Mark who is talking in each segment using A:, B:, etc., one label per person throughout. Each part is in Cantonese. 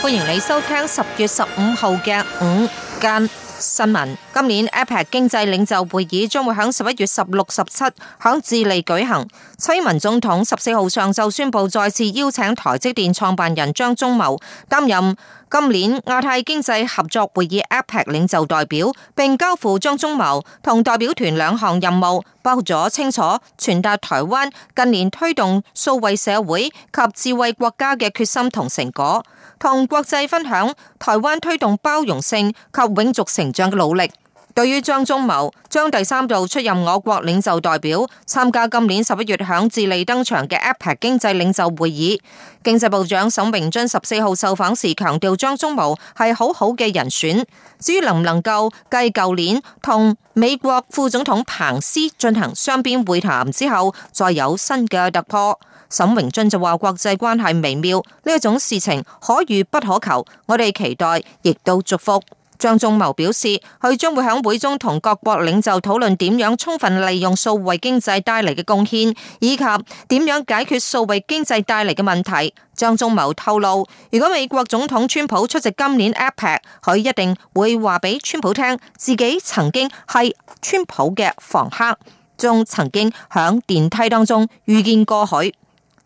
A: 歡迎你收聽十月十五號嘅午間新聞。今年 APEC 經濟領袖會議將會喺十一月十六、十七喺智利舉行。蔡英文總統十四號上晝宣布再次邀請台積電創辦人張忠謀擔任。今年亞太經濟合作會議 APEC 領袖代表，並交付張忠謀同代表團兩項任務，包括咗清楚傳達台灣近年推動數位社會及智慧國家嘅決心同成果，同國際分享台灣推動包容性及永續成長嘅努力。對於張忠謀將第三度出任我國領袖代表，參加今年十一月響智利登場嘅 APEC 經濟領袖會議，經濟部長沈榮津十四號受訪時強調，張忠謀係好好嘅人選。至於能唔能夠繼舊年同美國副總統彭斯進行雙邊會談之後，再有新嘅突破，沈榮津就話國際關係微妙，呢一種事情可遇不可求，我哋期待亦都祝福。張忠謀表示，佢將會喺會中同各國領袖討論點樣充分利用數位經濟帶嚟嘅貢獻，以及點樣解決數位經濟帶嚟嘅問題。張忠謀透露，如果美國總統川普出席今年 APEC，佢一定會話俾川普聽自己曾經係川普嘅房客，仲曾經響電梯當中遇見過佢。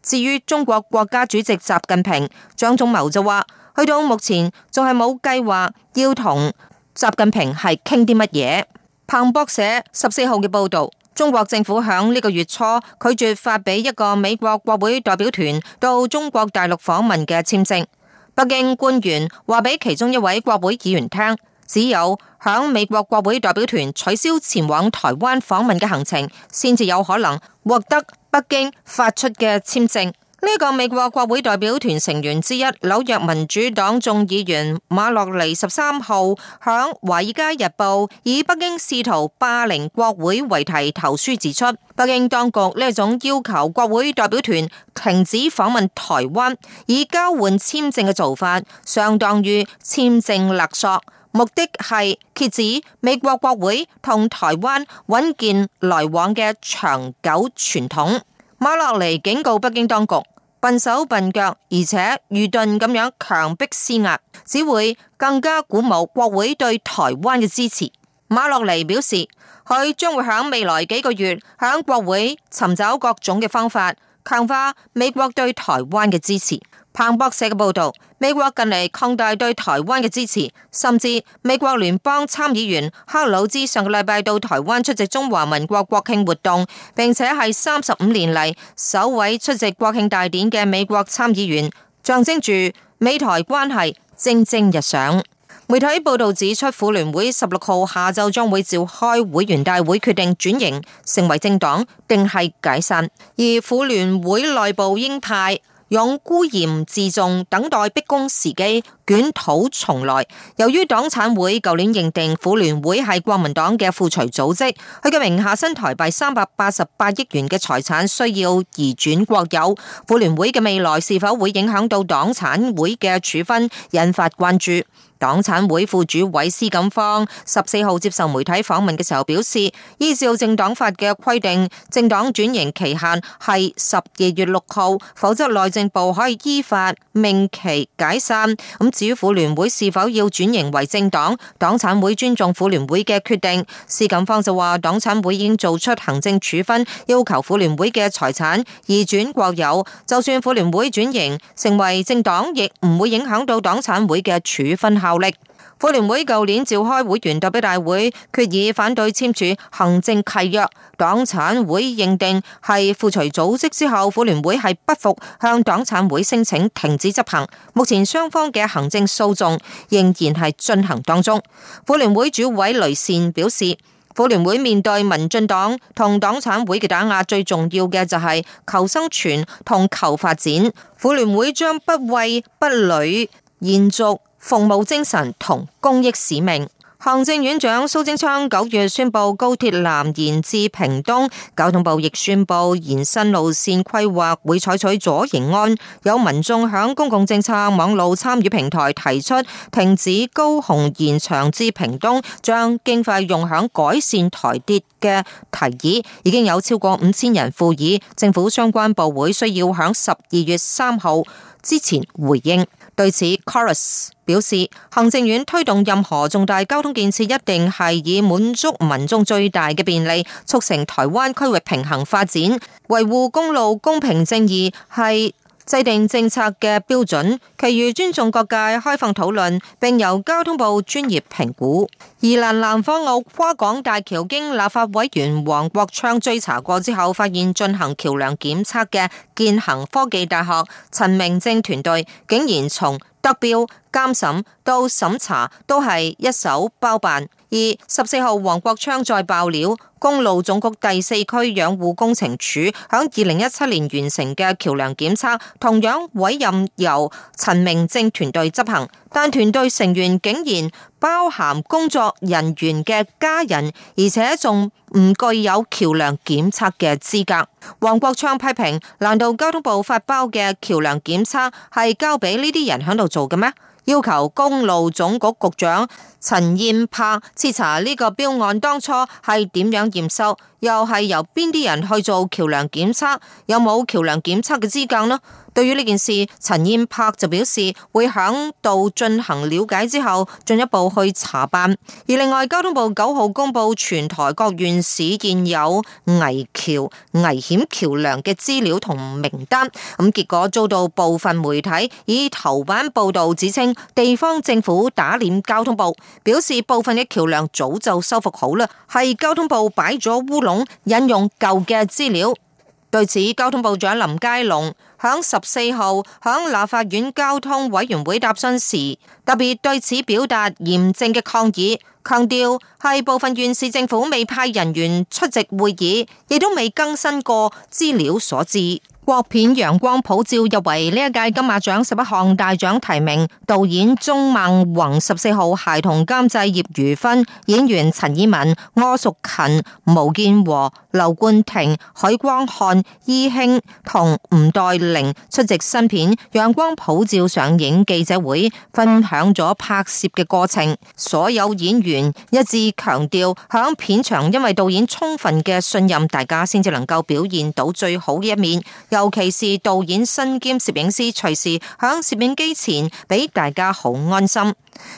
A: 至於中國國家主席習近平，張忠謀就話。去到目前仲係冇計劃要同習近平係傾啲乜嘢。彭博社，十四號嘅報道，中國政府響呢個月初拒絕發俾一個美國國會代表團到中國大陸訪問嘅簽證。北京官員話俾其中一位國會議員聽，只有響美國國會代表團取消前往台灣訪問嘅行程，先至有可能獲得北京發出嘅簽證。呢個美國國會代表團成員之一、紐約民主黨眾議員馬洛尼十三號響《華爾街日報》以北京試圖霸凌國會為題投書指出，北京當局呢種要求國會代表團停止訪問台灣，以交換簽證嘅做法，相當於簽證勒索，目的係遏止美國國會同台灣穩健來往嘅長久傳統。馬洛尼警告北京當局，笨手笨腳，而且愚鈍咁樣強迫施壓，只會更加鼓舞國會對台灣嘅支持。馬洛尼表示，佢將會喺未來幾個月響國會尋找各種嘅方法，強化美國對台灣嘅支持。彭博社嘅報道，美國近嚟擴大對台灣嘅支持，甚至美國聯邦參議員克魯茲上個禮拜到台灣出席中華民國國慶活動，並且係三十五年嚟首位出席國慶大典嘅美國參議員，象徵住美台關係蒸蒸日上。媒體報道指出，婦聯會十六號下晝將會召開會員大會，決定轉型成為政黨定係解散，而婦聯會內部鷹派。用孤言自重，等待逼宮時機。卷土重來。由於黨產會舊年認定婦聯會係國民黨嘅附隨組織，佢嘅名下新台幣三百八十八億元嘅財產需要移轉國有，婦聯會嘅未來是否會影響到黨產會嘅處分，引發關注。黨產會副主委施錦芳十四號接受媒體訪問嘅時候表示，依照政黨法嘅規定，政黨轉型期限係十二月六號，否則內政部可以依法命其解散。咁至於婦聯會是否要轉型為政黨，黨產會尊重婦聯會嘅決定。施錦芳就話，黨產會已經做出行政處分，要求婦聯會嘅財產移轉國有。就算婦聯會轉型成為政黨，亦唔會影響到黨產會嘅處分效力。婦聯會舊年召開會員代表大會，決議反對簽署行政契約。黨產會認定係附隨組織之後，婦聯會係不服向黨產會申請停止執行。目前雙方嘅行政訴訟仍然係進行當中。婦聯會主委雷善表示，婦聯會面對民進黨同黨產會嘅打壓，最重要嘅就係求生存同求發展。婦聯會將不畏不餒，延續。服務精神同公益使命。行政院長蘇貞昌九月宣布高鐵南延至屏東，交通部亦宣布延伸路線規劃會採取左營案。有民眾響公共政策網路參與平台提出停止高雄延長至屏東，將經費用響改善台跌嘅提議，已經有超過五千人附議。政府相關部會需要響十二月三號之前回應。對此，Chorus。表示，行政院推動任何重大交通建設，一定係以滿足民眾最大嘅便利，促成台灣區域平衡發展，維護公路公平正義係制定政策嘅標準，其餘尊重各界開放討論，並由交通部專業評估。宜蘭南方澳跨港大橋經立法委員黃國昌追查過之後，發現進行橋樑檢測嘅建行科技大學陳明正團隊竟然從得標監審到審查都係一手包辦。二十四號，黃國昌再爆料，公路總局第四區養護工程處響二零一七年完成嘅橋梁檢測，同樣委任由陳明正團隊執行，但團隊成員竟然包含工作人員嘅家人，而且仲唔具有橋梁檢測嘅資格。黃國昌批評，難道交通部發包嘅橋梁檢測係交俾呢啲人喺度做嘅咩？要求公路總局局長陳彥柏徹查呢個標案當初係點樣驗收？又係由邊啲人去做橋樑檢測？有冇橋樑檢測嘅資格呢？對於呢件事，陳彥柏就表示會響度進行了解之後，進一步去查辦。而另外，交通部九號公布全台各縣市建有危橋、危險橋樑嘅資料同名單，咁結果遭到部分媒體以頭版報道，指稱地方政府打臉交通部，表示部分嘅橋樑早就修復好啦，係交通部擺咗烏龍。引用舊嘅資料，對此交通部長林佳龍響十四號響立法院交通委員會答詢時，特別對此表達嚴正嘅抗議。強調係部分縣市政府未派人員出席會議，亦都未更新過資料所致。國片《陽光普照》入圍呢一屆金馬獎十一項大獎提名，導演鍾孟宏、十四號孩童監製葉如芬、演員陳以文、柯淑勤、巫建和、劉冠廷、許光漢、尹馨同吳岱凌出席新片《陽光普照》上映記者會，分享咗拍攝嘅過程。所有演員。一致強調，響片場因為導演充分嘅信任，大家先至能夠表現到最好嘅一面。尤其是導演身兼攝影師，隨時響攝影機前俾大家好安心。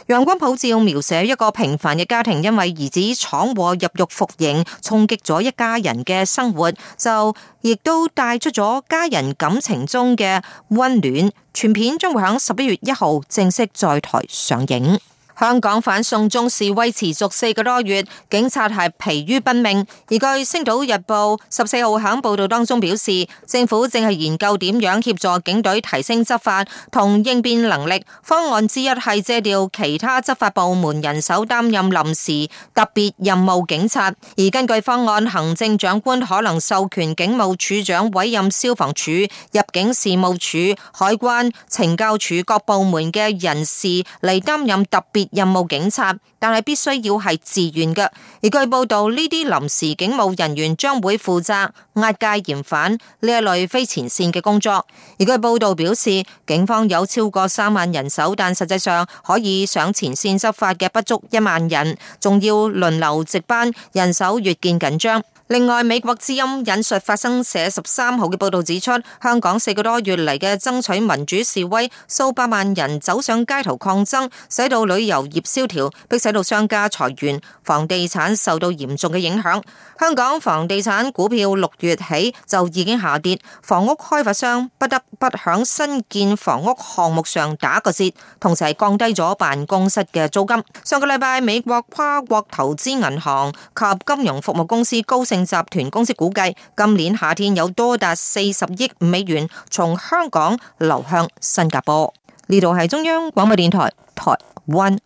A: 陽光普照描寫一個平凡嘅家庭，因為兒子闖禍入獄服刑，衝擊咗一家人嘅生活，就亦都帶出咗家人感情中嘅溫暖。全片將會響十一月一號正式在台上映。香港反送中示威持續四個多月，警察係疲於奔命。而據《星島日報》十四號響報道當中表示，政府正係研究點樣協助警隊提升執法同應變能力。方案之一係借調其他執法部門人手擔任臨時特別任務警察。而根據方案，行政長官可能授權警務處長委任消防處、入境事務處、海關、懲教處各部門嘅人士嚟擔任特別。任務警察，但係必須要係自願嘅。而據報道，呢啲臨時警務人員將會負責押解嫌犯呢一類非前綫嘅工作。而據報道表示，警方有超過三萬人手，但實際上可以上前綫執法嘅不足一萬人，仲要輪流值班，人手越見緊張。另外，美國之音引述《發生社》十三號嘅報道指出，香港四個多月嚟嘅爭取民主示威，數百萬人走上街頭抗爭，使到旅遊業蕭條，迫使到商家裁員，房地產受到嚴重嘅影響。香港房地產股票六月起就已經下跌，房屋開發商不得不響新建房屋項目上打個折，同時係降低咗辦公室嘅租金。上個禮拜，美國跨國投資銀行及金融服務公司高盛，集團公司估計，今年夏天有多達四十億美元從香港流向新加坡。呢度係中央廣播電台台灣。